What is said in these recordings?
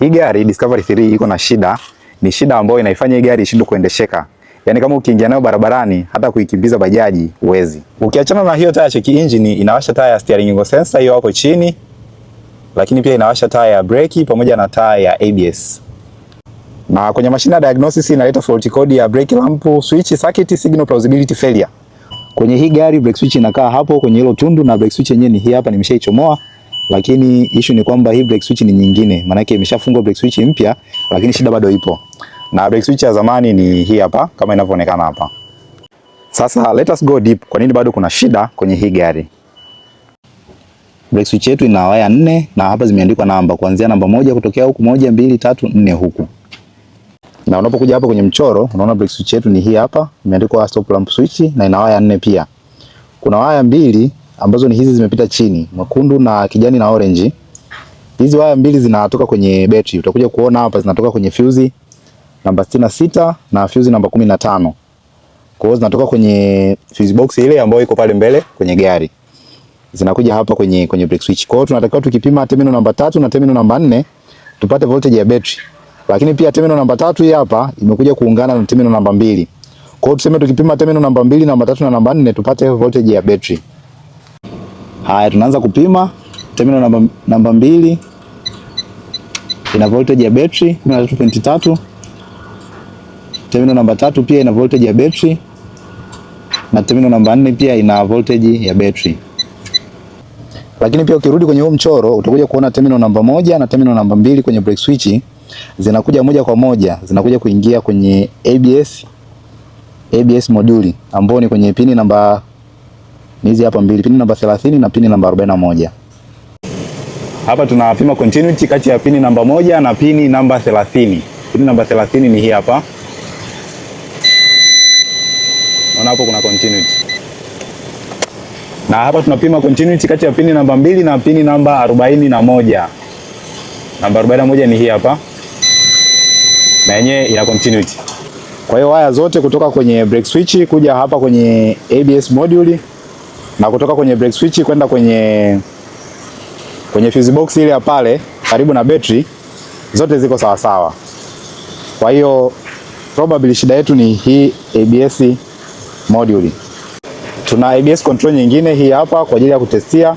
Hii gari Discovery 3 iko na shida, ni shida ambayo inaifanya hii gari ishindwe kuendesheka. Yaani kama ukiingia nayo barabarani hata kuikimbiza bajaji uwezi. Ukiachana na hiyo, taa ya check engine inawasha taa ya steering wheel sensor hiyo hapo chini, lakini pia inawasha taa ya breki pamoja na taa ya ABS. Na kwenye mashine ya diagnosis inaleta fault code ya brake lamp, switch, circuit signal plausibility failure. Kwenye hii gari brake switch inakaa hapo kwenye hilo tundu na brake switch yenyewe ni hii hapa nimeshaichomoa lakini issue ni kwamba hii brake switch ni nyingine, maana yake imeshafungwa brake switch mpya, lakini shida bado ipo. Na brake switch ya zamani ni hii hapa kama inavyoonekana hapa. Sasa let us go deep, kwa nini bado kuna shida kwenye hii gari? Brake switch yetu ina waya nne na hapa zimeandikwa namba kuanzia namba moja kutokea huku, moja, mbili, tatu, nne huku. Na unapokuja hapa kwenye mchoro unaona brake switch yetu ni hii hapa, imeandikwa stop lamp switch na ina waya nne pia. Kuna waya mbili ambazo ni hizi zimepita chini, mwekundu na kijani na orange. Hizi waya mbili zinatoka kwenye betri, utakuja kuona hapa zinatoka kwenye fuse namba 66 na fuse namba 15. Kwa hiyo zinatoka kwenye fuse box ile ambayo iko pale mbele kwenye gari, zinakuja hapa kwenye kwenye brake switch. Kwa hiyo tunatakiwa tukipima terminal namba tatu na terminal namba nne tupate voltage ya betri, lakini pia terminal namba tatu hii hapa imekuja kuungana na terminal namba mbili. Kwa hiyo tuseme tukipima terminal namba mbili, namba tatu na namba nne tupate voltage ya betri. Haya, tunaanza kupima terminal namba, namba mbili ina voltage ya betri 13.3. Terminal namba tatu pia ina voltage ya betri na terminal namba nne pia ina voltage ya betri. Lakini pia ukirudi kwenye huu mchoro utakuja kuona terminal namba moja na terminal namba mbili kwenye break switch zinakuja moja kwa moja zinakuja kuingia kwenye ABS, ABS moduli ambao ni kwenye pini namba ni Hizi hapa mbili, pini namba 30 na pini namba 41. Hapa tunapima continuity kati ya pini namba moja na pini namba 30. Pini namba 30 ni hii hapa. naona hapo kuna continuity. Na hapa tunapima continuity kati ya pini namba mbili na pini namba 41. Namba 41 ni hii hapa. Na yenyewe ina continuity. Kwa hiyo waya zote kutoka kwenye break switch kuja hapa kwenye ABS module na kutoka kwenye brake switch kwenda kwenye kwenye fuse box ile ya pale karibu na betri zote ziko sawa sawa. Kwa hiyo probably shida yetu ni hii ABS module. Tuna ABS control nyingine hii hapa kwa ajili ya kutestia.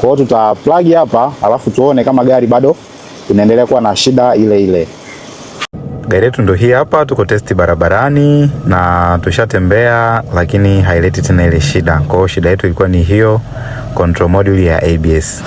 Kwa hiyo tuta plug hapa, alafu tuone kama gari bado inaendelea kuwa na shida ile ile. Gari yetu ndo hii hapa, tuko testi barabarani na tushatembea, lakini haileti tena ile shida. Kwa hiyo shida yetu ilikuwa ni hiyo control module ya ABS.